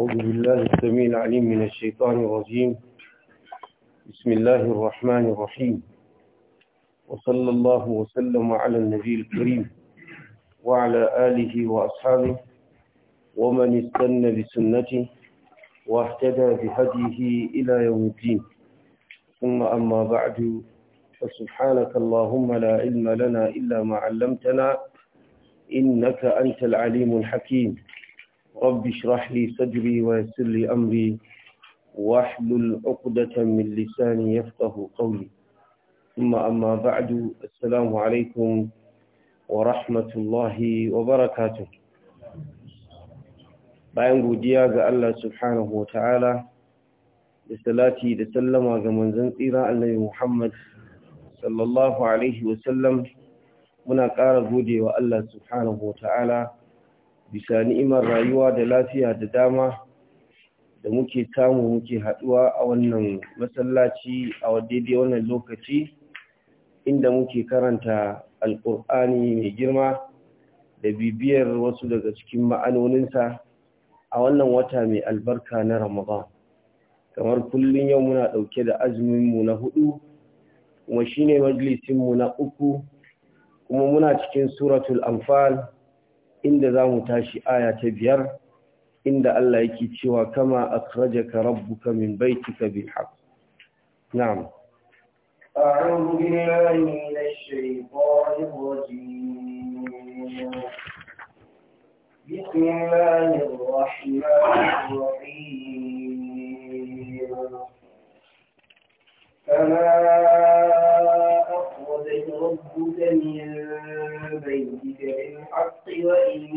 أعوذ بالله السميع العليم من الشيطان الرجيم بسم الله الرحمن الرحيم وصلى الله وسلم على النبي الكريم وعلى آله وأصحابه ومن استنى بسنته واهتدى بهديه إلى يوم الدين ثم أما بعد فسبحانك اللهم لا علم لنا إلا ما علمتنا إنك أنت العليم الحكيم رب اشرح لي صدري ويسر لي أمري واحلل عقدة من لساني يفقه قولي ثم أما بعد السلام عليكم ورحمة الله وبركاته bayan godiya ga Allah subhanahu wa ta'ala da salati da sallama ga manzon tsira annabi Muhammad sallallahu alaihi wa sallam muna ƙara wa Allah subhanahu wa ta'ala bisa ni'imar rayuwa da lafiya da dama da muke samu muke haɗuwa a wannan masallaci a daidai wannan lokaci inda muke karanta alkur'ani mai girma da bibiyar wasu daga cikin ma'anoninsa a wannan wata mai albarka na ramadan kamar kullum yau muna ɗauke da azuminmu na hudu kuma shine majalisinmu na uku kuma muna cikin suratul anfal inda za mu tashi aya ta biyar inda Allah yake cewa kama akhrajaka rabbuka min baitika bil haqq na'am أعوذ بالله من الشيطان الرجيم بسم الله الرحمن الرحيم كما أخرجك ربك من بيتك بالحق وإن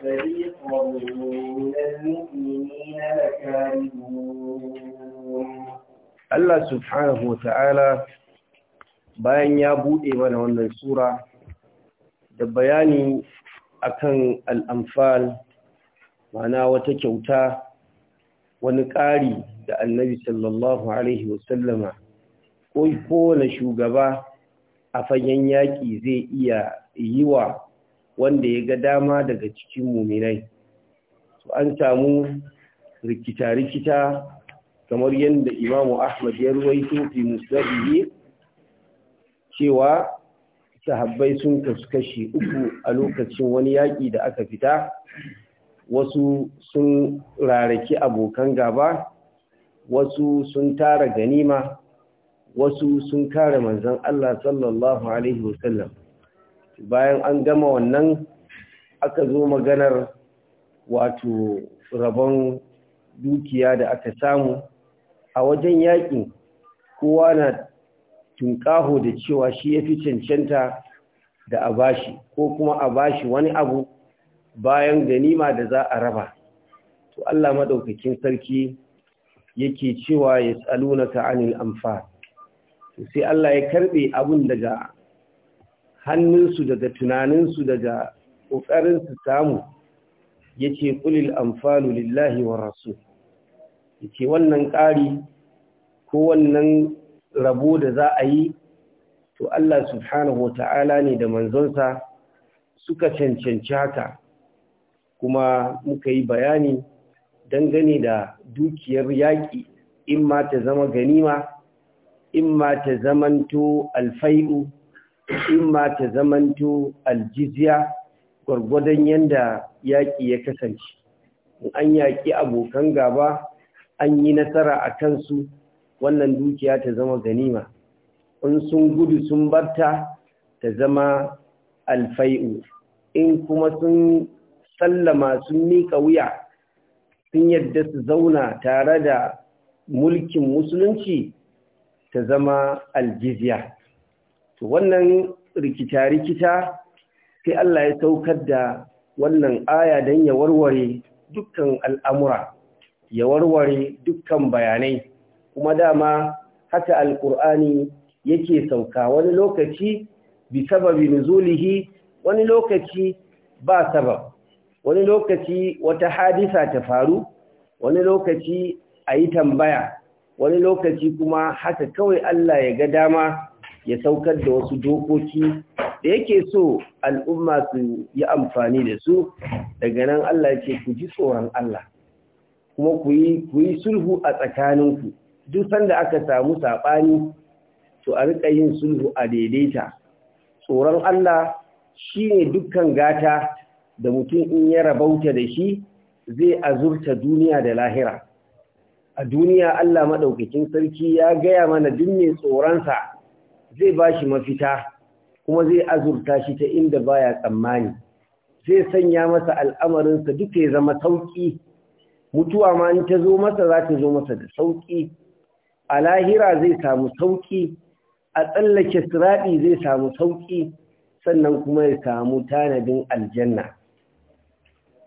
فريقا من المؤمنين لكارهون الله wa Ta'ala bayan ya buɗe mana wannan sura da bayani akan al'amfal mana wata kyauta wani ƙari da annabi sallallahu Alaihi wasallama ko kowane shugaba a fagen yaƙi zai iya yi wa wanda ya ga dama daga cikin muminai an samu rikita-rikita kamar yadda imamu ahmad ya ruwaito fi musulmi cewa sahabbai sun kasu kashi uku a lokacin wani yaƙi da aka fita wasu sun raraki abokan gaba wasu sun tara ganima wasu sun kare manzon Allah sallallahu alaihi wasallam bayan an gama wannan aka zo maganar wato rabon dukiya da aka samu a wajen yakin, kowa na tunƙaho da cewa shi ya fi cancanta da a bashi ko kuma a bashi wani abu bayan ganima da za a raba to Allah madaukakin sarki yake cewa ya tsalunaka anil amfani sai Allah ya karbe abun daga hannunsu daga tunaninsu daga ƙoƙarin su samu yace ƙulil amfalu lillahi wa rasul ce wannan ƙari ko wannan rabo da za a yi to Allah subhanahu wata'ala ne da manzonsa suka cancanci haka kuma muka yi bayani dangane da dukiyar yaƙi in ma ta zama ganima imma ta zamanto alfai'u imma ta zamanto aljizya gwargwadon yanda yaƙi ya kasance an yaƙi abokan gaba an yi nasara a kansu wannan dukiya ta zama ganima in sun gudu sun barta ta zama alfai'u in kuma sun sallama sun miƙa wuya sun yadda su zauna tare da mulkin musulunci ta zama aljiziya to wannan rikita-rikita sai Allah ya saukar da wannan aya don ya warware dukkan al'amura ya warware dukkan bayanai kuma dama haka alƙur'ani yake sauka wani lokaci bi sababi zulihi wani lokaci ba sabab wani lokaci wata hadisa ta faru wani lokaci a yi tambaya wani lokaci kuma haka kawai Allah ya ga dama ya saukar da wasu dokoki da yake so al'umma su yi amfani da su daga nan Allah ce ku ji tsoron Allah kuma ku yi sulhu a tsakaninku duk sanda aka samu saɓani to a riƙa yin sulhu a daidaita tsoron Allah shine dukkan gata da mutum in ya rabauta da shi zai azurta duniya da lahira a duniya Allah maɗaukakin sarki ya gaya mana duk mai tsoronsa zai ba shi mafita kuma zai azurta shi ta inda baya tsammani zai sanya masa al'amarinsa duk ya zama sauƙi mutuwa ma in ta zo masa za ta zo masa da sauƙi a lahira zai samu sauƙi a tsallake siraɗi zai samu sauƙi sannan kuma ya samu tanadin aljanna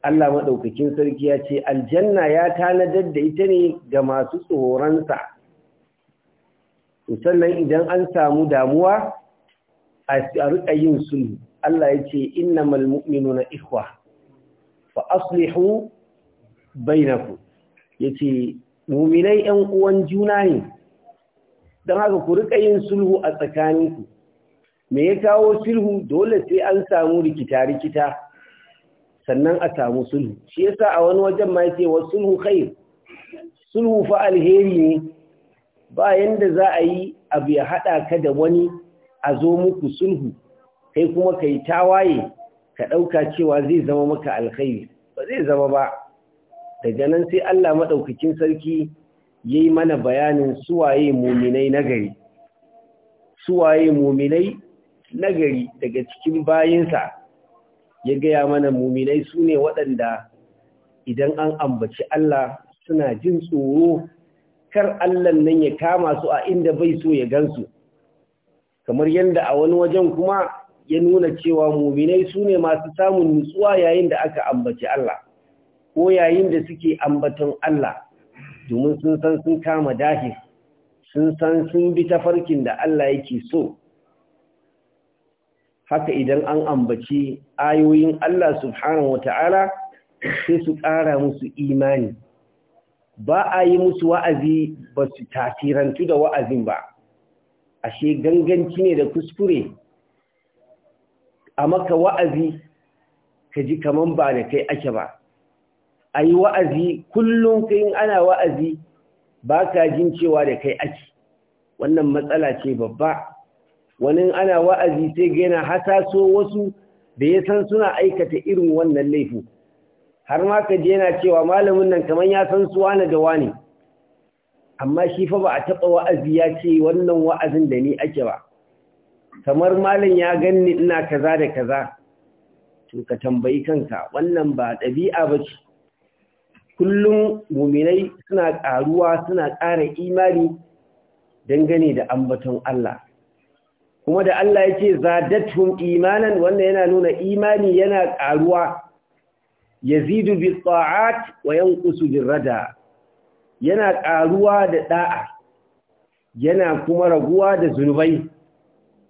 Allah maɗaukakin sarki ya ce aljanna ya tanadar da ita ne ga masu tsoronsa sannan idan an samu damuwa a riƙa yin sulhu Allah ya ce malmuminu na ikwa, fa aslihu ya yace mu'minai 'yan uwan juna ne don haka ku riƙa yin sulhu a tsakaninku me ya kawo sulhu dole sai an samu rikita-rikita sannan a samu sulhu shi yasa a wani wajen ma yake wa sulhu khair sulhu fa alheri ne ba yanda za a yi abu ya hada ka da wani a zo muku sulhu kai kuma kai tawaye ka dauka cewa zai zama maka alkhairi ba zai zama ba daga nan sai Allah madaukakin sarki yayi mana bayanin suwaye muminai nagari suwaye muminai nagari daga cikin bayinsa ya gaya mana muminai su ne waɗanda idan an ambaci Allah suna jin tsoro kar Allah nan ya kama su a inda bai so ya gansu kamar yadda a wani wajen kuma ya nuna cewa muminai su ne masu samun nutsuwa yayin da aka ambaci Allah ko yayin da suke ambaton Allah domin sun san sun kama dahi sun san sun bi tafarkin da Allah yake so haka idan an ambaci ayoyin Allah subhanahu Ta'ala sai su ƙara musu imani ba a yi musu wa'azi ba su tasirantu da wa'azin ba ashe ganganci ne da kuskure a maka wa'azi ka ji kaman ba da kai ake ba a yi wa'azi kullum yi ana wa'azi ba ka jin cewa da kai ake wannan matsala ce babba wani ana wa'azi sai ga yana hasaso wasu da ya san suna aikata irin wannan laifin har ma ka je yana cewa malamin nan kamar ya san su wani da wani amma shi fa ba a taɓa wa'azi ya ce wannan wa'azin da ni ake ba kamar malam ya ganni ina kaza da kaza to ka tambayi kanka wannan ba ɗabi'a ba ce kullum muminai suna ƙaruwa suna ƙara imani dangane da ambaton Allah kuma da Allah ya yake zadatun imanan wannan yana nuna imani yana karuwa yazidu bi ta'at wa yanqusu bir rada yana ƙaruwa da ɗa'a, yana kuma raguwa da zunubai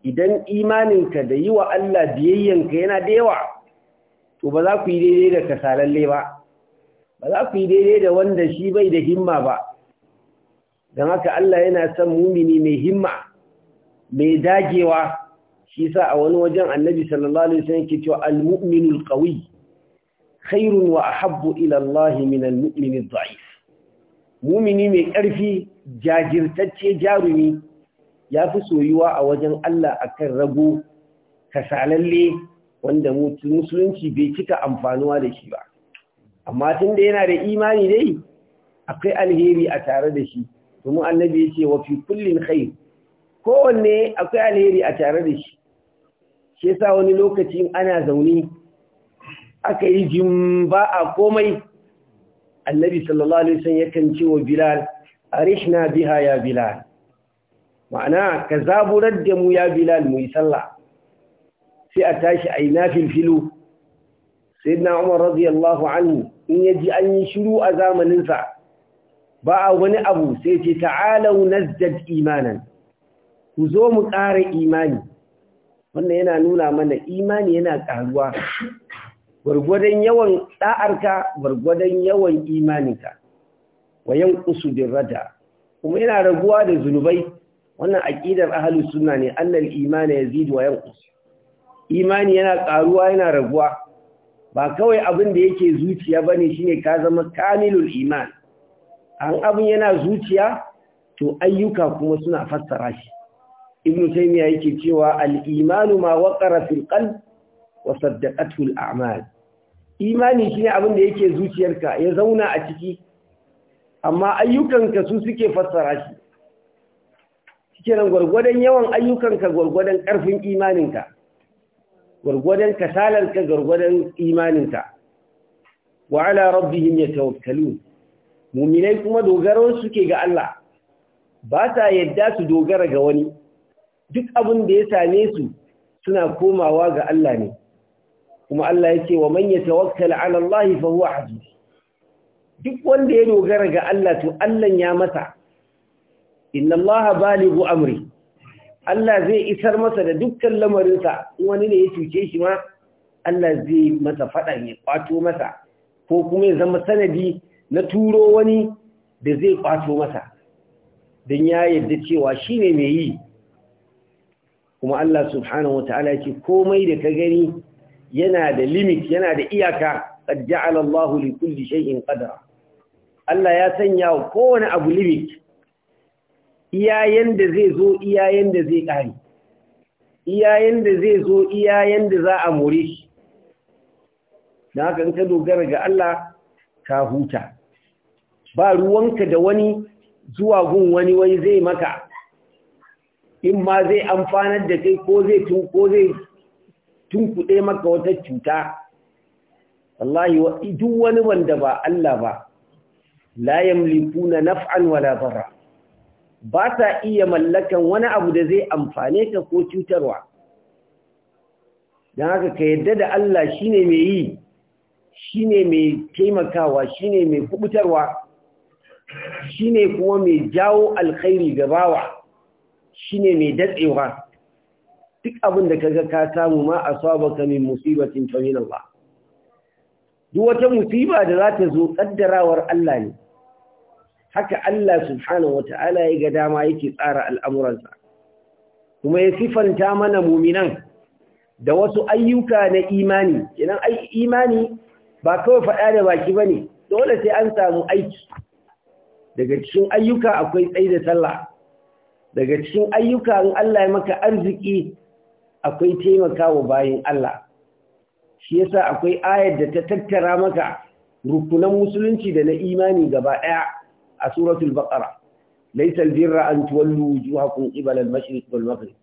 idan imaninka da yi wa Allah biyayyanka yana da yawa to ba za ku yi daidai da kasalalle ba ba za ku yi daidai da wanda shi bai da himma ba don haka Allah yana son mumini mai himma mai dagewa shi sa a wani wajen annabi sallallahu alaihi wasallam yake cewa al-mu'minul qawi khairun wa ahabbu ila Allah min al-mu'min dhaif mu'mini mai ƙarfi jajirtacce jarumi yafi soyuwa a wajen Allah akan rago kasalalle wanda musulunci bai cika amfanuwa da shi ba amma tunda yana da imani dai akwai alheri a tare da shi domin annabi ya ce wa fi kullin khair kowanne akwai alheri a tare da shi shi yasa wani lokaci ana zaune aka yi jin ba a komai annabi sallallahu alaihi wasallam yakan ce wa bilal arishna biha ya bilal ma'ana ka zaburar da mu ya bilal mu yi sallah sai a tashi a ina nafil filu sayyidina umar radiyallahu anhu in yaji an yi shiru a zamaninsa ba a wani abu sai ce ta'alau nazdad imanan ku zo mu ƙara imani wannan yana nuna mana imani yana ƙaruwa gwargwadon yawan ɗa'arka gwargwadon yawan imaninka wa yan ƙusu rada kuma yana raguwa da zunubai wannan aƙidar ahalu suna ne annal imani ya zidu wa imani yana ƙaruwa yana raguwa ba kawai abin da yake zuciya ba ne shine ka zama kamilul iman an abin yana zuciya to ayyuka kuma suna fassara shi ibnu taymiya yake cewa al-imanu ma waqara fil qalb wa saddaqathu al-a'mal imani shine abin da yake zuciyarka ya zauna a ciki amma ayyukanka su suke fassara shi Cikin gwargwadon yawan ayyukanka gwargwadon karfin imaninka gwargwadon kasalarka gwargwadon imaninka wa ala rabbihim yatawakkalun mu'minai kuma dogaro suke ga Allah ba ta yadda su dogara ga wani duk abin da ya same su suna komawa ga Allah ne kuma Allah yake wa man yatawakkal ala Allah fa huwa hasbuh duk wanda ya dogara ga Allah to Allah ya masa inna Allah balighu amri Allah zai isar masa da dukkan lamarinsa wani ne ya cuce shi ma Allah zai masa faɗan ya kwato masa ko kuma ya zama sanadi na turo wani da zai kwato masa Dan ya yadda cewa shi ne mai yi kuma Allah subhanahu wataala yake komai da ka gani yana da limit yana da iyaka qad ja'ala Allahu li kulli shay'in qadara Allah ya sanya wa kowane abu limit iyayen da zai zo iyayen da zai kare iyayen da zai zo iyayen da za a more shi dan haka in ka dogara ga Allah ka huta ba ruwanka da wani zuwa gun wani wai zai maka in ma zai amfanar da kai ko zai tun ko zai tunkuɗe maka wata cuta wallahi wa duk wani wanda ba Allah ba la yamlikuna naf'an wala darra ba ta iya mallakan wani abu da zai amfane ka ko cutarwa Dan haka ka yadda da Allah shine mai yi shine mai taimakawa shine mai kubutarwa shine kuma mai jawo alkhairi gabawa Shi ne mai datsewa duk abin da kaga ka samu ma asabaka min musibatin fa Allah duk wata musiba da za ta zo kaddarawar Allah ne haka Allah subhanahu wata'ala ya ga dama yake tsara al'amuransa kuma ya sifanta mana muminan da wasu ayyuka na imani idan ai imani ba kawai faɗa da baki bane dole sai an samu aiki daga cikin ayyuka akwai tsayi da sallah daga cikin ayyuka in Allah ya maka arziki akwai taimakawa bayan Allah shi yasa akwai ayar da ta tattara maka rukunan musulunci da na imani gaba daya a suratul baqara laysa birra an tuwallu wujuhakum qibala al-mashriq wal maghrib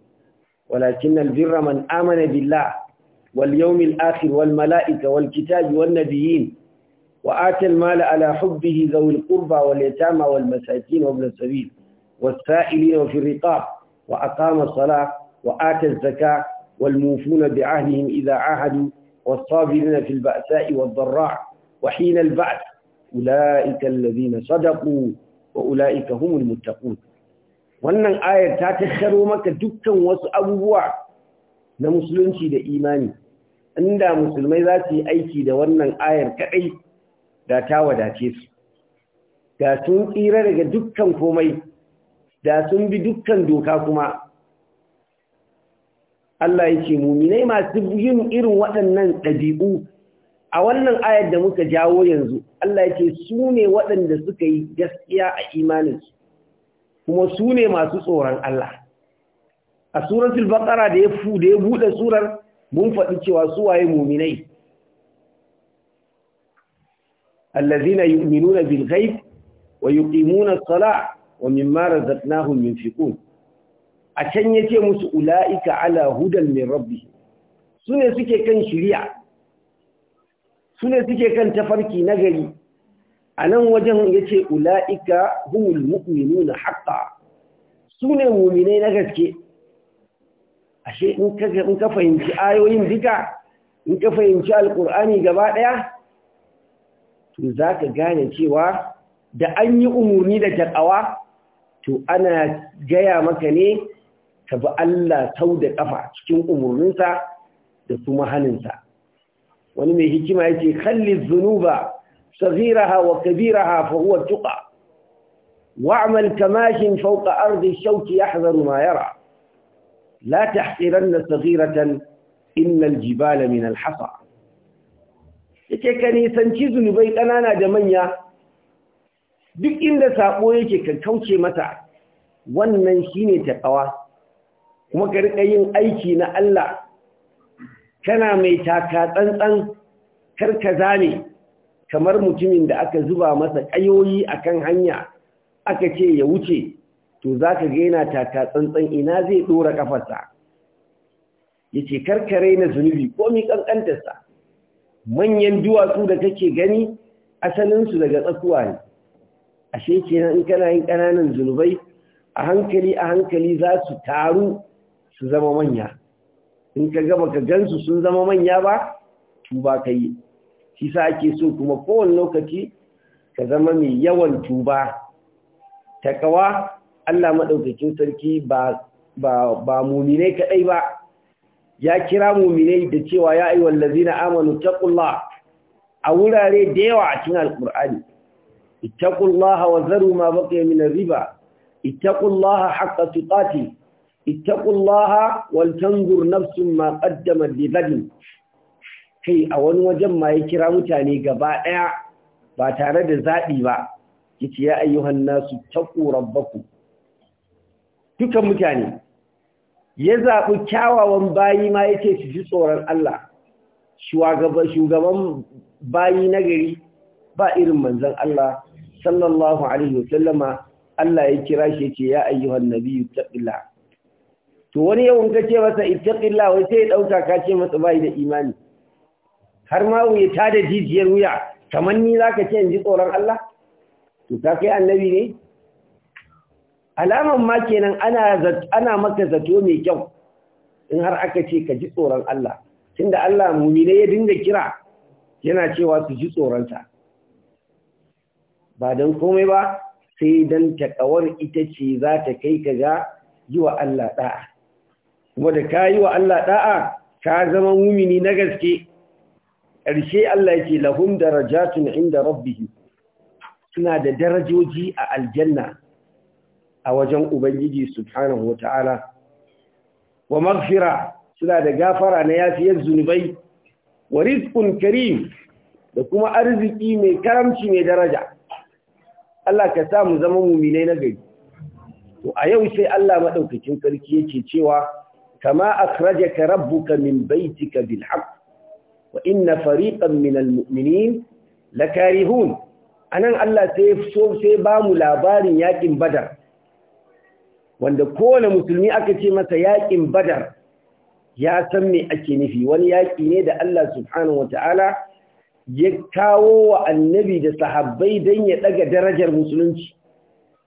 walakin albirra man amana billah wal yawmil wal malaika wal kitabi wan nabiyyin wa ata mala ala hubbihi dhawil والسائلين وفي الرقاب وأقام الصلاة وآتى الزكاة والموفون بعهدهم إذا عاهدوا والصابرين في البأساء والضراع وحين البعث أولئك الذين صدقوا وأولئك هم المتقون wannan ayar ta tattaro maka dukkan wasu abubuwa na musulunci da imani inda musulmai za su yi aiki da wannan ayar kadai da ta wadace su da sun tsira daga dukkan komai da sun bi dukkan doka kuma Allah ya ce muminai masu yin irin waɗannan ɗabi'u a wannan ayar da muka jawo yanzu Allah ya ce su ne waɗanda suka yi gaskiya a imaninsu kuma su ne masu tsoron Allah a suratul baqara da ya fu da ya buɗe surar mun faɗi cewa su waye muminai allazina yu'minuna bil ghaib wa yuqimuna as-salata wa mimma razaqnahum yunfiqun a can yace musu ulaika ala hudan min rabbi sune suke kan shiriya sune suke kan tafarki nagari anan wajen yace ulaika humul mu'minuna haqqan sune mu'minai na gaske ashe in ka in ka fahimci ayoyin duka in ka fahimci alqur'ani gaba daya to zaka gane cewa da an yi umurni da takawa to ana gaya maka ne ka bi Allah sau da ƙafa cikin umarninsa da kuma haninsa wani mai hikima yake kalli zunuba fa huwa tuqa wa amal kamashin fawqa ardi الشوك yahzaru ma yara la تحقرن saghiratan inna aljibala min alhasa yake kani sanci zunubai kanana da manya duk inda sabo yake kan kauce mata wannan shine takawa kuma ka rika yin aiki na Allah kana mai taka tsantsan karka zame kamar mutumin da aka zuba masa kayoyi akan hanya aka ce ya wuce to zaka ga yana taka tsantsan ina zai dora kafarsa yace karkare na zunubi ko mi kankantarsa manyan duwatsu da kake gani asalinsu daga tsakuwa ne ashe kenan in kana yin ƙananan zunubai a hankali a hankali za su taru su zama manya in ka gaba ka gansu sun zama manya ba tuba ka yi shi sa ake so kuma kowane lokaci ka zama mai yawan tuba ta kawa Allah maɗaukakin sarki ba ba muminai kaɗai ba ya kira muminai da cewa ya wallazi lazina amanu ƙulla. a wurare da yawa a cikin Alkur'ani. اتقوا الله وذروا ما بقي من الربا اتقوا الله حق تقاته اتقوا الله ولتنظر نفس ما قدمت لغد kai a wani wajen ma ya kira mutane gaba ɗaya ba tare da zaɓi ba yace ya ayyuhan nasu taqu rabbakum dukan mutane ya zaɓi kyawawan bayi ma ce su ji tsoron Allah shugaban bayi nagari ba irin manzon Allah sallallahu alaihi wa sallama. Allah ya kira shi ce ya ayyuhan Nabiyu taqilla to wani yawan kace ce masa ittaqilla wai sai ya dauka kace ce masa bai da imani har ma wuya ta da jijiyar wuya kamar ni zaka ce in ji tsoron Allah to ta kai annabi ne alaman ma kenan ana ana maka zato mai kyau in har aka ce ka ji tsoron Allah tunda Allah mumine ya dinga kira yana cewa su ji tsoronsa ba don komai ba sai don taƙawar ita ce za ta kai ka ga yi wa Allah ɗa'a kuma da ka yi wa Allah ɗa'a ka zama mumini na gaske ƙarshe Allah ya ce darajatun inda rabbihi suna da darajoji a aljanna a wajen ubangiji subhanahu wata'ala wa magfira suna da gafara na yafiyar zunubai wa karim da kuma arziki mai karamci mai daraja Allah ka sa mu zama muminai na gari to a yau sai Allah madaukakin sarki yake cewa kama akhrajaka rabbuka min baitika bil haqq wa inna fariqan min al mu'minin lakarihun anan Allah sai so sai ba mu labarin yaƙin badar wanda kowane musulmi aka ce masa yaƙin badar ya san me ake nufi wani yaƙi ne da Allah subhanahu wataala ya kawo wa annabi da sahabbai don ya ɗaga darajar musulunci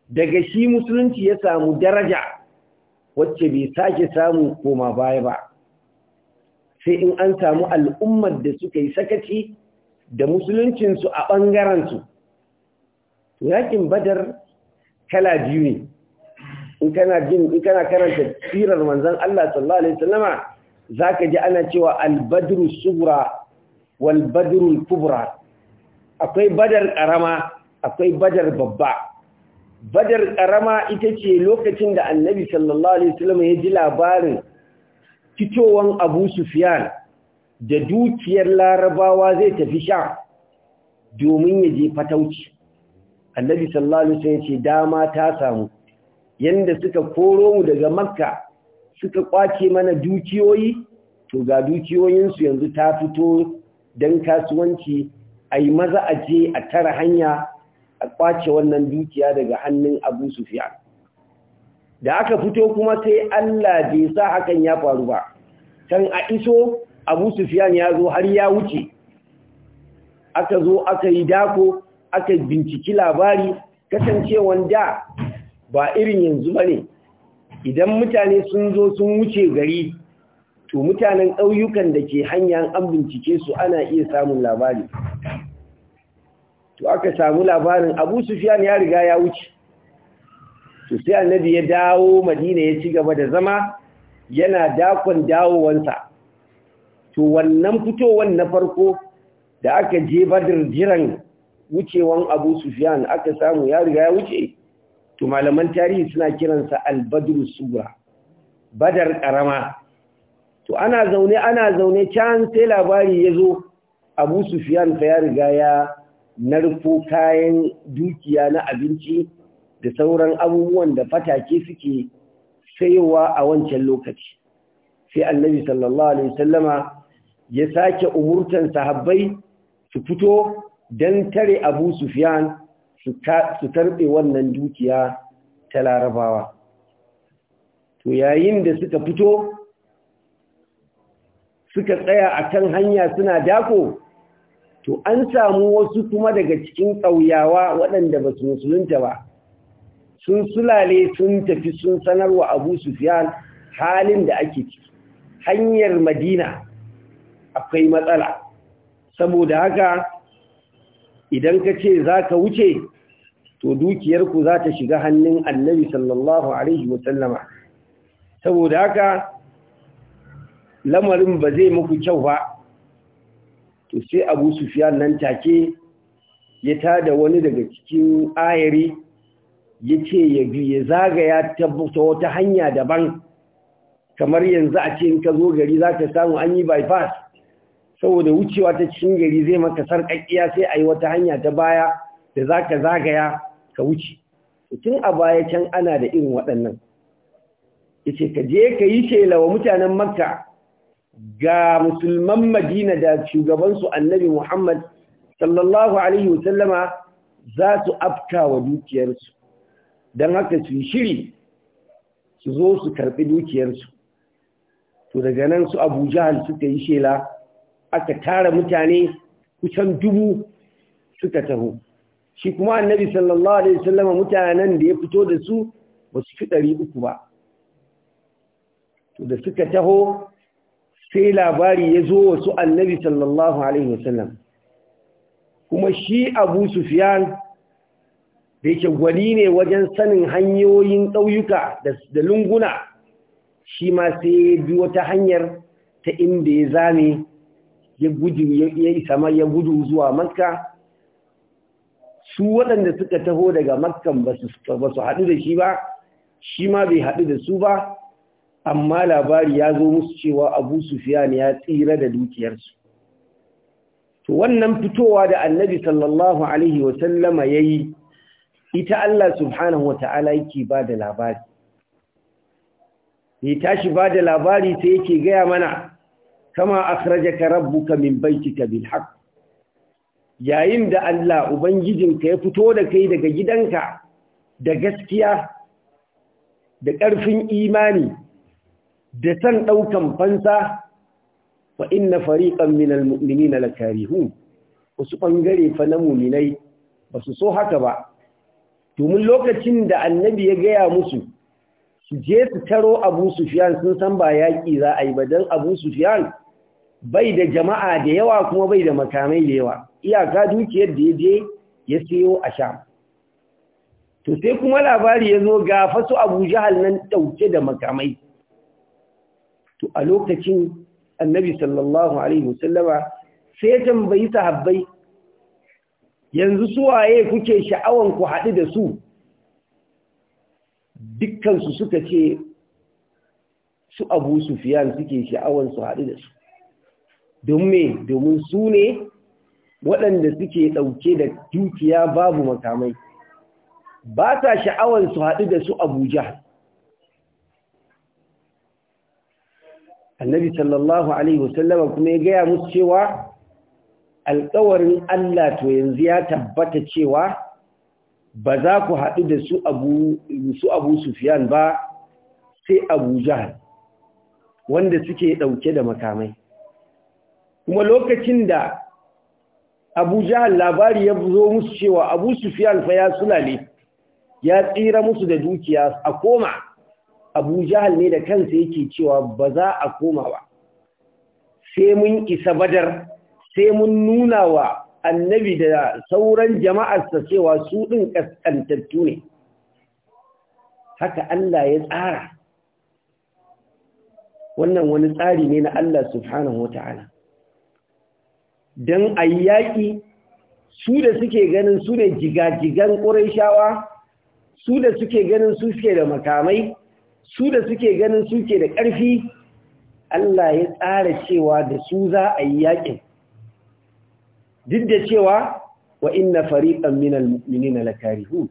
daga shi musulunci ya samu daraja wacce bai sake samu koma baya ba sai in an samu al'ummar da suka yi sakaci da musuluncinsu a ɓangarensu yakin badar kala biyu ne in kana jin in kana karanta sirar manzon Allah sallallahu alaihi wasallama ka ji ana cewa al-badru wal badrul kubra akwai badar karama akwai badar babba badar karama ita ce lokacin da annabi sallallahu alaihi wasallam ya ji labarin fitowan abu sufyan da dukiyar larabawa zai tafi sha domin ya je fatauci annabi sallallahu alaihi wasallam ce dama ta samu yanda suka koro mu daga makka suka kwace mana dukiyoyi to ga dukiyoyinsu yanzu ta fito don kasuwanci a maza a je a tara hanya a kwace wannan dukiya daga hannun abu sufiyan da aka fito kuma sai Allah bai sa hakan ya faru ba kan a iso abu sufiyan ya zo har ya wuce aka zo aka yi dako aka binciki labari kasancewan da ba irin yanzu bane idan mutane sun zo sun wuce gari to mutanen ƙauyukan da ke hanya an bincike su ana iya samun labari to aka samu labarin abu sufiyan ya riga ya wuce to sai annabi ya dawo madina ya ci gaba da zama yana dakon dawowansa to wannan fitowan na farko da aka je badar jiran wucewan abu sufiyan aka samu ya riga ya wuce to malaman tarihi suna kiransa albadru sura badar karama to ana zaune ana zaune can sai labari ya zo abu sufiyan fa ya riga ya narko kayan dukiya na abinci da sauran abubuwan da fatake suke sayowa a wancan lokaci sai annabi sallallahu alaihi wasallama ya sake umurtan sahabbai su fito don tare abu sufiyan su karbe wannan dukiya ta larabawa to yayin da suka fito suka tsaya a kan hanya suna dako to an samu wasu kuma daga cikin ƙauyawa waɗanda ba su musulunta ba sun sulale sun tafi sun sanarwa abu sufiyan halin da ake ciki hanyar madina akwai matsala saboda haka idan ka ce za ka wuce to dukiyarku za ta shiga hannun annabi sallallahu alaihi wasallama saboda haka lamarin ba zai muku kyau ba to sai abu sufiyan nan take ya tada wani daga cikin ayari ya ce ya zagaya ta wata hanya daban kamar yanzu a ce in ka zo gari za ka samu an yi bypass saboda wucewa ta cikin gari zai maka sarƙaƙiya sai a yi wata hanya ta baya da za ka zagaya ka wuce tun a baya can ana da irin waɗannan ya ce ka je ka yi shela wa mutanen makka ga musulman madina da shugabansu annabi muhammad sallallahu alaihi wasallama za su afka wa dukiyarsu don haka su shiri su zo su karɓi dukiyarsu to daga nan su abu jahal suka yi shela aka tara mutane kusan dubu suka taho shi kuma annabi sallallahu alaihi wasallama mutanen da ya fito da su ba su fi ɗari uku ba to da suka taho sai labari ya zo wasu annabi sallallahu alaihi wasallam kuma shi abu sufiyan da yake gwani ne wajen sanin hanyoyin ƙauyuka da lunguna shi ma sai bi wata hanyar ta inda ya zame ya gudu ya isama ya gudu zuwa makka su waɗanda suka taho daga makkan ba su haɗu da shi ba shi ma bai haɗu da su ba amma labari ya zo musu cewa abu sufiyan ya tsira da dukiyarsu to wannan fitowa da annabi sallallahu alaihi wa ya yi ita Allah subhanahu wa ta'ala yake ba da labari ya tashi ba da labari sai yake gaya mana kama akhrajaka rabbuka min baytika bil haqq yayin da Allah ubangijinka ya fito da kai daga gidanka da gaskiya da ƙarfin imani da san ɗaukan fansa fa inna fariƙan minal mu'minina lakarihun wasu ɓangare fa na muminai ba su so haka ba domin lokacin da annabi ya gaya musu su je su taro abu sufiyan sun san ba yaƙi za a yi ba don abu sufiyan bai da jama'a da yawa kuma bai da makamai da yawa iyaka dukiyar da ya je ya siyo a sha. to sai kuma labari ya zo ga fasu abu jihal nan ɗauke da makamai to a lokacin annabi sallallahu alaihi wasallama sai ya tambayi sahabbai yanzu su waye kuke sha'awan ku haɗu da su dukkansu suka ce su abu sufiyan suke sha'awan su haɗu da su domin su ne waɗanda suke ɗauke da dukiya babu makamai ba ta sha'awan su haɗu da su abuja annabi sallallahu alaihi wasallama kuma ya gaya musu cewa alkawarin Allah to yanzu ya tabbata cewa ba za ku haɗu da su abu sufiyan ba sai abu jahal wanda suke ɗauke da makamai kuma lokacin da abu jahal labari ya zo musu cewa abu sufiyan fa ya sulale ya tsira musu da dukiya a koma abu jahal ne da kansa yake cewa ba za a koma ba sai mun isa badar sai mun nuna wa annabi da sauran jama'arsa cewa su ɗin ƙasƙantattu ne haka Allah ya tsara wannan wani tsari ne na Allah subhanahu wata'ala don a yaƙi su da suke ganin su ne jigajigan ƙuraishawa su da suke ganin su suke da makamai su da suke ganin suke da ƙarfi Allah ya tsara cewa da su za a yi yaƙin duk da cewa wa inna fariqan minal mu'minina lakarihu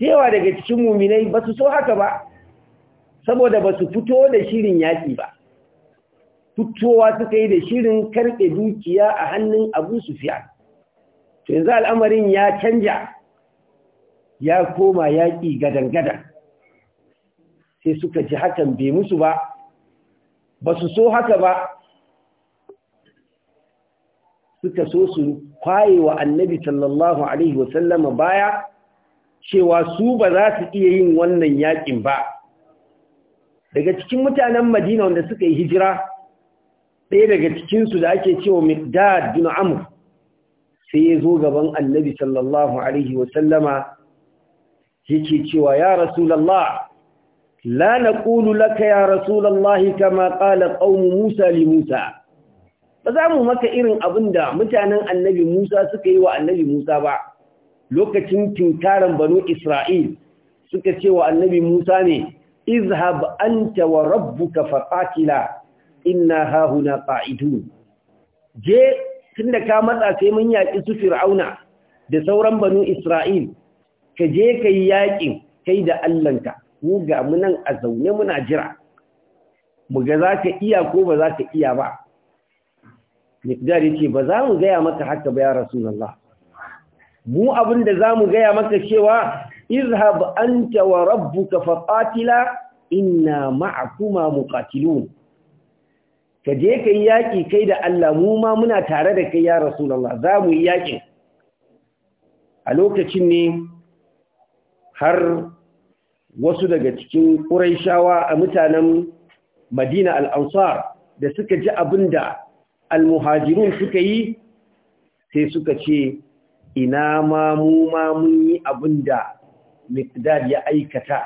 dewa daga cikin mu'minai ba su so haka ba saboda ba su fito da shirin yaƙi ba fitowa suka yi da shirin karɓe dukiya a hannun abu sufiya to yanzu al'amarin ya canja ya koma yaƙi gadan-gadan sai suka ji hakan bai musu ba ba su so haka ba suka so su kwaye wa annabi sallallahu alaihi wasallama baya cewa su ba za su iya yin wannan yakin ba daga cikin mutanen madina wanda suka yi hijira ɗaya daga cikinsu da ake cewa midad bin amr sai ya zo gaban annabi sallallahu alaihi wasallama yake cewa ya rasulallah la naqulu laka ya rasulullahi kama ƙala qaumu musa li musa ba za mu maka irin da mutanen annabi musa suka yi wa annabi musa ba lokacin tinkaran banu isra'il suka ce wa annabi musa ne izhab anta wa rabbuka faqatila inna hahuna qa'idun je tunda ka matsa sai mun yaki su fir'auna da sauran banu isra'il ka je kai yakin kai da allanka mu ga mu nan a zaune muna jira mu ga za ka iya ko ba za ka iya ba Nikdar ya ba za mu gaya maka haka ba ya rasulullah mu abin da za mu gaya maka cewa izhab anta wa rabbuka qatila inna ma'akuma muqatilun ka je ka yi yaƙi kai da Allah mu ma muna tare da kai ya rasulullah za mu yi yaƙin a lokacin ne har wasu daga cikin ƙuraishawa a mutanen madina al'ansar da suka ji abin da almuhajirun suka yi sai suka ce ina ma mu ma mun yi abin da miqdad ya aikata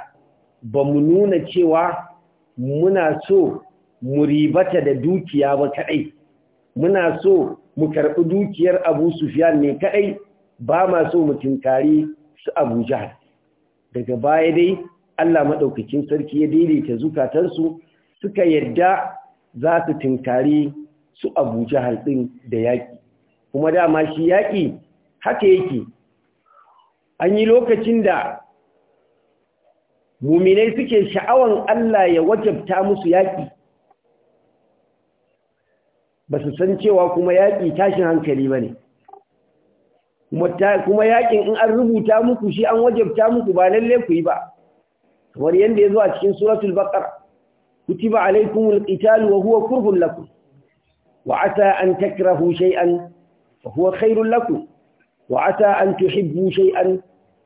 ba mu nuna cewa muna so mu ribata da dukiya ba kaɗai muna so mu karɓi dukiyar abu sufiyan ne kaɗai ba ma so mu tinkari su abu jihar daga baya dai Allah maɗaukakin sarki ya daidaita zukatansu suka yadda za su tinkari su abu jihar ɗin da yaƙi kuma dama shi yaƙi haka yake an yi lokacin da muminai suke sha'awan Allah ya wajabta musu yaƙi ba su san cewa kuma yaƙi tashin hankali ba ne kuma yaƙin in an rubuta muku shi an wajabta muku ba lallai ku yi ba kamar yadda ya zo a cikin suratul baqara kutiba alaikumul qital wa huwa kurhun lakum wa ata an takrahu shay'an wa huwa khairul lakum wa ata an tuhibbu shay'an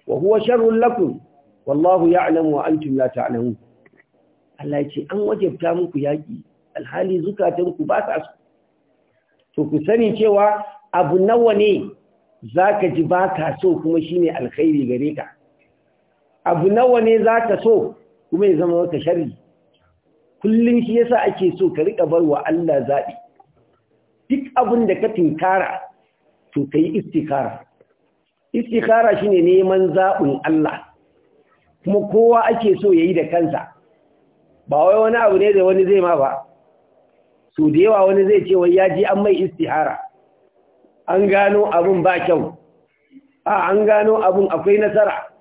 wa huwa sharrun lakum wallahu ya'lamu wa antum la ta'lamun Allah ya ce an wajabta muku yaki alhali zukatanku ba sa so to ku sani cewa abu nawa ne zaka ji ba ka so kuma shine alkhairi gare ka abu nawa ne za ka so kuma ya zama maka sharri kullum shi yasa ake so ka riƙa bar wa Allah zaɓi duk abin da ka tinkara to ka yi istikara istikara shi ne neman zaɓin Allah kuma kowa ake so ya yi da kansa ba wai wani abu ne da wani zai ma ba so da yawa wani zai ce wai ya ji an mai istihara an gano abin ba kyau a an gano abin akwai nasara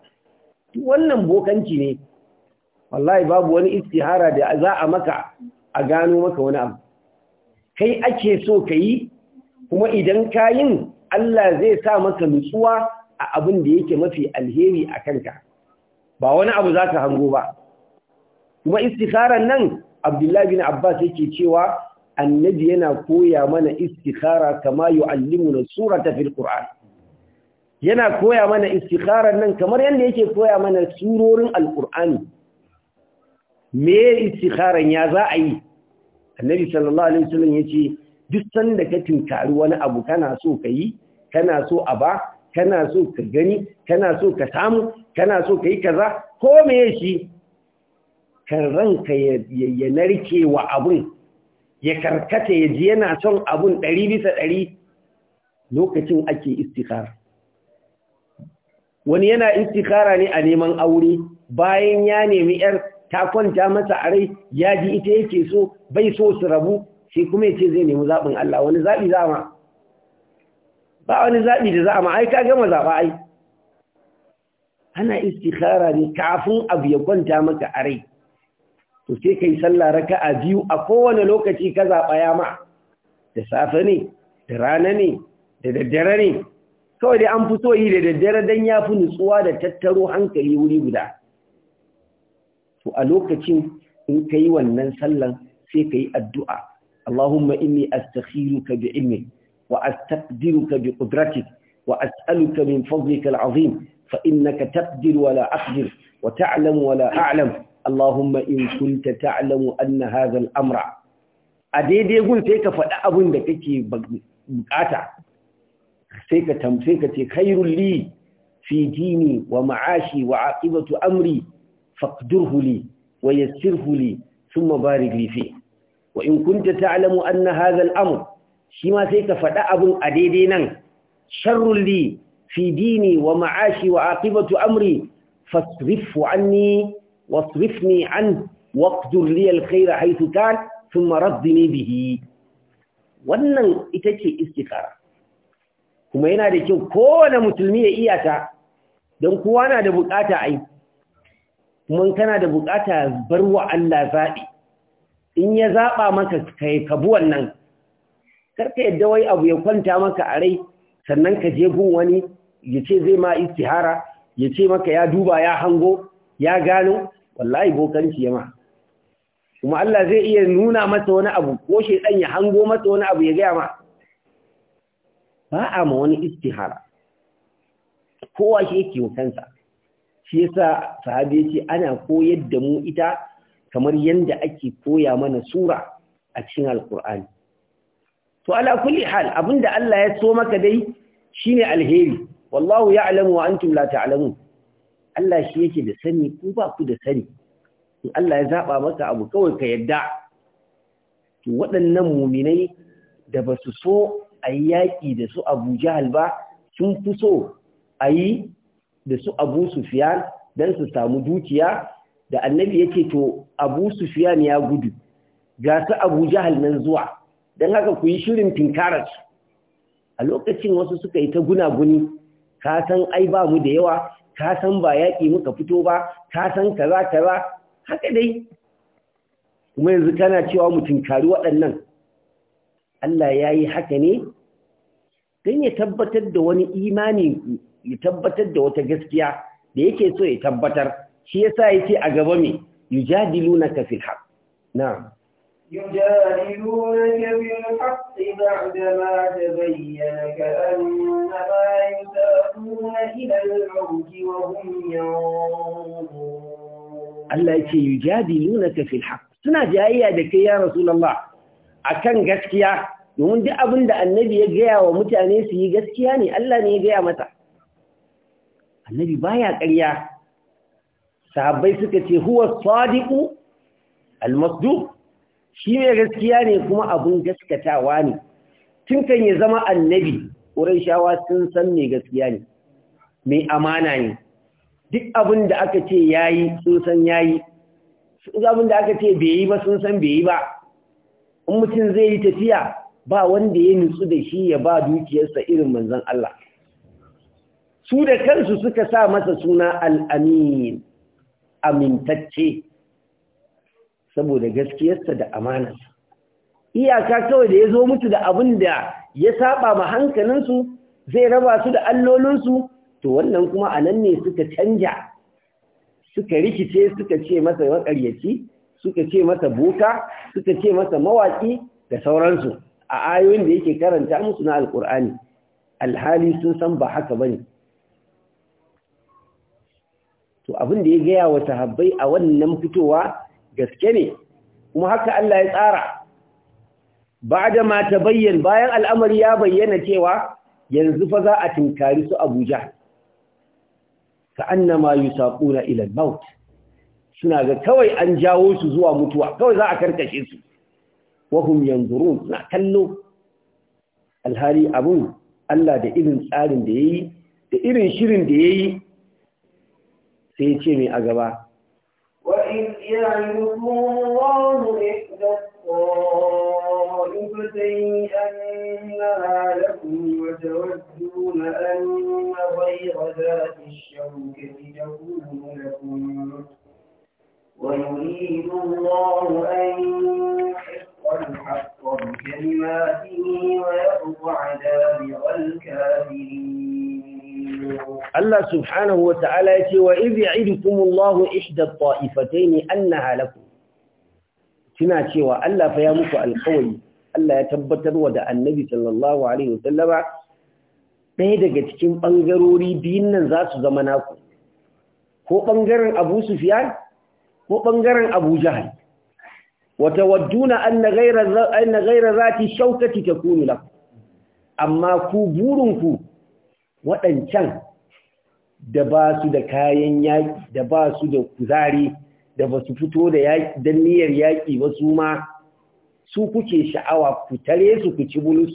wannan bokanci ne wallahi babu wani istihara da za a maka a gano maka wani abu kai ake so ka yi kuma idan kayin Allah zai sa maka nutsuwa a abin da yake mafi alheri a kanka ba wani abu za ka hango ba kuma istikharar nan abdullahi bin abbas yake cewa annabi yana koya mana istikhara kama yu'allimuna surata fil qur'an yana koya mana istikharar nan kamar yadda yake koya mana surorin alkur'ani me istikharar ya za a yi annabi sallallahu alaihi wasallam yace duk sanda ka tinkari wani abu kana so ka yi kana so a ba kana so ka gani kana so ka samu kana so ka yi kaza ko me shi kan ranka ya narke wa abun ya karkata ya ji yana son abun ɗari bisa ɗari lokacin ake istikharar wani yana istikara ne a neman aure bayan ya nemi yar ta kwanta masa a rai ya ji ita yake so bai so su rabu sai kuma ya ce zai nemi zaɓin Allah wani zaɓi za ma ba wani zaɓi da za ma ai ka gama zaɓa ai ana istikara ne kafin abu ya kwanta maka a rai to sai kai sallah raka'a biyu a kowane lokaci ka zaɓa ya ma da safe ne da rana ne da daddare ne kawai dai an fito yi da daddare don ya fi nutsuwa da tattaro hankali wuri guda to a lokacin in ka yi wannan sallan sai ka yi addu'a Allahumma inni astakhiruka bi ilmi wa astaqdiruka bi qudratik wa as'aluka min fadlika al'azim fa innaka taqdir wa la aqdir wa ta'lam wa la a'lam Allahumma in kunta ta'lamu anna hadha amra a daidai gun sai ka faɗi abin da kake bukata sai ka tamsai ka ce khairul li fi dini wa ma'ashi wa aqibatu amri faqdirhu li wa yassirhu li thumma barik li fi wa in kunta ta'lamu anna hadha al-amr shi ma sai ka faɗi abun a daidai nan sharrul li fi dini wa ma'ashi wa aqibatu amri fasrifu anni wasrifni an waqdur li al-khayra haythu kan thumma raddini bihi wannan ita ce istikara kuma yana da kyau kowane musulmi ya iya ta don kowa na da bukata ai kuma kana da bukata bar wa Allah zaɓi in ya zaɓa maka kai kabu wannan karka yadda wai abu ya kwanta maka a rai sannan ka je gun wani ya ce zai ma istihara ya ce maka ya duba ya hango ya gano wallahi bokanci ya ma kuma Allah zai iya nuna masa wani abu ko shaidan ya hango masa wani abu ya gaya ma ba a ma wani istihara kowa shi yake kansa shi yasa sahabi yace ana koyar da mu ita kamar yadda ake koya mana sura a cikin alqur'ani to ala kulli hal abinda Allah ya so maka dai shine alheri wallahu ya'lamu wa antum la ta'lamun Allah shi yake da sani ku ba ku da sani in Allah ya zaba maka abu kawai ka yadda to waɗannan muminai da basu so a yi yaƙi da su abu jihal ba sun fi so a yi da su abu sufiyan don su samu dukiya da annabi ya ce to abu sufiyan ya gudu ga su abu jihal nan zuwa don haka ku yi shirin tinkarar a lokacin wasu suka yi ta gunaguni ka san ai ba mu da yawa ka san ba yaƙi muka fito ba ka san kaza kaza haka dai kuma yanzu kana cewa mu tinkari waɗannan Allah ya yi haka ne, don ya tabbatar da wani imaninku, ya tabbatar da wata gaskiya da yake so ya tabbatar, shi ya sa yake a gaba mai, yi jadi jadilu na Yi jadi a kafin ha. Na. Allah ce yi jadilu na kafin ha. Suna jayayya da kai ya Rasulallah. akan gaskiya domin duk abin da annabi ya gaya wa mutane su yi gaskiya ne Allah ne ya gaya mata annabi baya ƙarya sahabbai suka ce huwa sadiqu al-masduq shi ne gaskiya ne kuma abin gaskatawa ne tun kan ya zama annabi shawa sun san me gaskiya ne mai amana ne duk abin da aka ce yayi sun san yayi abin da aka ce bai yi ba sun san bai yi ba in mutum zai yi tafiya ba wanda ya nutsu da shi ya ba dukiyarsa irin manzan Allah su da kansu suka sa masa suna al’amin, amintacce saboda gaskiyarsa da amanarsa iyaka kawai da ya zo mutu da abin da ya saba ma hankalinsu zai raba su da allolinsu to wannan kuma a nan ne suka canja suka rikice suka ce masa makaryaci suka ce masa boka suka ce masa mawaki da sauransu a ayoyin da yake karanta musu na alkur'ani alhali sun san ba haka bane to abin da ya gaya wa sahabbai a wannan fitowa gaske ne kuma haka Allah ya tsara ba da ma ta bayyan bayan al'amari ya bayyana cewa yanzu fa za a tinkari su abuja ka annama yusaquna ila al-maut suna ga kawai an jawo su zuwa mutuwa kawai za a karkashe su wahum yanzurun na kallo alhali abun Allah da irin tsarin da yayi da irin shirin da yayi sai ya ce mai a gaba wa in ya'idukum ويريد الله أن يحق الحق بكلماته ويرضى عذاب الكافرين الله سبحانه وتعالى يقول وإذ يعدكم الله إحدى الطائفتين أنها لكم tana cewa Allah ya muku alkawari Allah ya tabbatar wa da annabi sallallahu alaihi ɗaya daga cikin ɓangarori biyun nan za su zama naku ko ɓangaren abu sufiyan ko ɓangaren abu jahal wata wadduna ghayra anna ghayra zati shaukati ta lak amma ku burinku waɗancan da ba su da kayan yaki da ba su da kuzari da ba su fito da dan niyyar yaƙi ba su ma su kuke sha'awa ku tare su ku ci bulus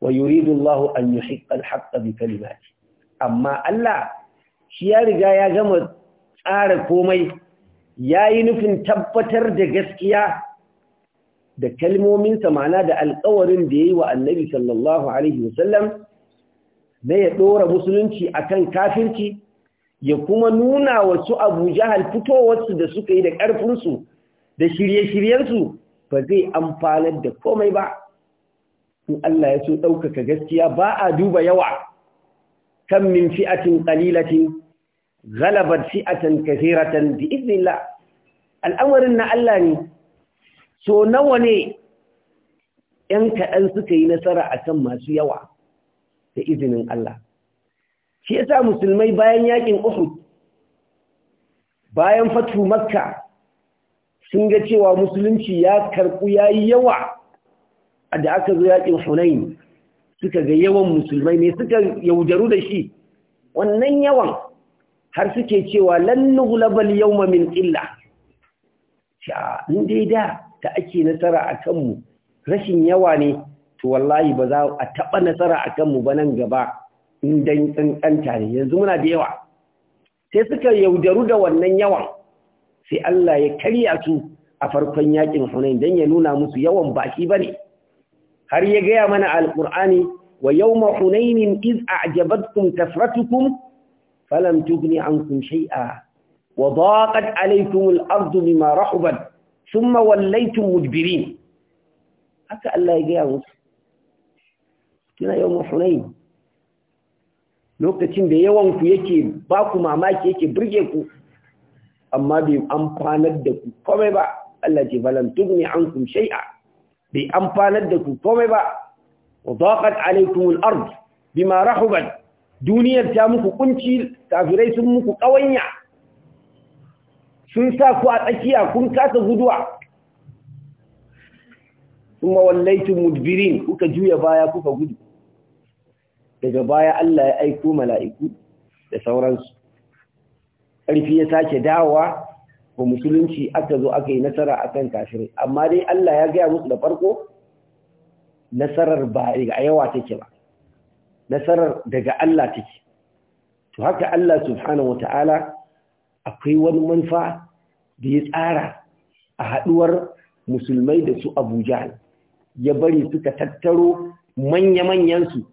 wa yuridu Allah an yuhiqqa al-haqqa bi kalimati amma Allah shi ya riga ya gama Ƙara komai ya yi nufin tabbatar da gaskiya da kalmominsa ma'ana da alkawarin da ya yi wa annabi sallallahu Alaihi wasallam na ya ɗora musulunci a akan kafirci ya kuma nuna wasu abu jahal fitowarsu da suka yi da ƙarfinsu da shirye-shiryensu ba zai amfanar da komai ba in Allah ya so ɗaukaka gaskiya ba a duba yawa kan min fi'atin ƙalilatin galabat fi'atan kathiratan da idnillah al'amarin na Allah ne so nawa ne ‘yan kaɗan suka yi nasara a kan masu yawa da izinin Allah. Shi yasa musulmai bayan yakin Uhud, bayan fatu Makka sun ga cewa musulunci ya karɓu ya yi yawa da aka zo yakin Hunain suka ga yawan musulmai ne suka yaudaru da shi, wannan yawan har suke cewa lan labal yawma min illa Ya in da ta ake nasara a mu rashin yawa ne to wallahi ba za a taɓa nasara a kanmu ba nan gaba inda dan ne yanzu muna da yawa sai suka yaudaru da wannan yawan sai Allah ya karya su a farkon yakin Hunain dan ya nuna musu yawan baki bane har ya gaya mana alqur'ani wa yawma hunainin iz a'jabatkum kasratukum falam tugni ankum shay'a wa daqat alaykum al-ardu bima rahabat thumma wallaytum mudbirin haka Allah ya gaya musu kina yawm hunain lokacin da yawan ku yake baku mamaki yake burge ku amma bai amfanar da ku komai ba Allah ce falam tugni ankum shay'a bai amfanar da ku komai ba duniyar ta muku kunci kafirai sun muku kawanya sun sa ku a tsakiya kun kasa guduwa kuma wallaitu mudbirin kuka juya baya kuka gudu daga baya Allah ya aiko mala'iku da sauransu ƙarfi ya sake dawowa ba musulunci aka zo aka yi nasara akan kafirai amma dai Allah ya gaya musu da farko nasarar ba a yawa take ba nasarar daga Allah take to haka Allah subhanahu wata'ala akwai wani manfa da ya tsara a haduwar musulmai da su Abuja ya bari suka tattaro manya-manyan su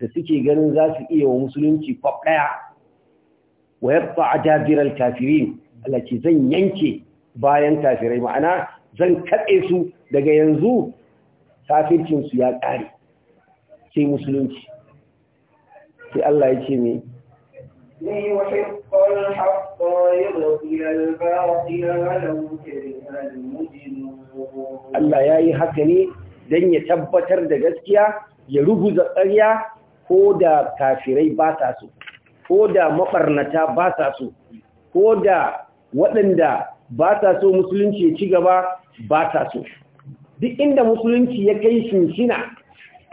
da suke ganin za su iya wa musulunci kwab daya wa yaqta ajabiral kafirin Allah ce zan yanke bayan kafirai ma'ana zan katse su daga yanzu kafircin su ya kare sai musulunci sai Allah ya ce me Allah ya yi haka ne don ya tabbatar da gaskiya ya ruguza ƙarya ko da kafirai ba sa so ko da maɓarnata ba sa so ko da waɗanda ba sa so musulunci ya ci gaba ba sa so duk inda musulunci ya kai shinshina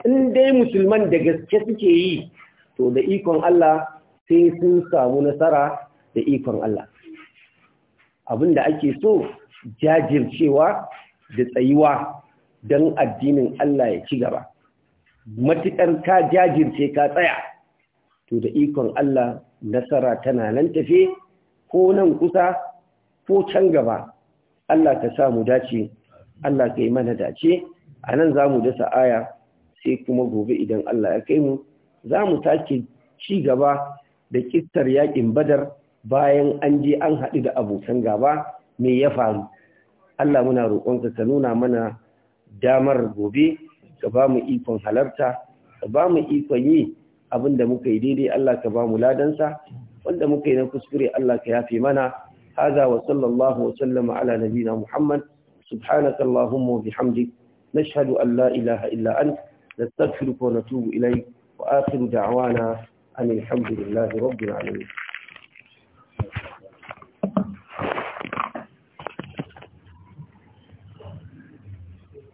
in dai musulman da gaske suke yi to da ikon Allah sai sun samu nasara da ikon Allah abin da ake so jajircewa da tsayuwa don addinin Allah ya ci gaba matuƙar ka jajirce ka tsaya to da ikon Allah nasara tana nan tafe ko nan kusa ko can gaba Allah ka sa mu dace Allah ka yi mana dace a nan za mu dasa aya sai kuma gobe idan Allah ya kai mu za mu sake ci gaba da kistar yakin badar bayan an je an haɗu da abokan gaba me ya faru Allah muna roƙonka ka nuna mana damar gobe ka ba mu ikon halarta ka ba mu ikon yi abin da muka yi daidai Allah ka ba mu ladansa wanda muka yi na kuskure Allah ka yafe mana hada wa sallallahu wa sallama ala nabina Muhammad subhanaka allahumma wa bihamdik nashhadu an la ilaha illa anta nastaghfiruka وآخر دعوانا أن الحمد لله رب العالمين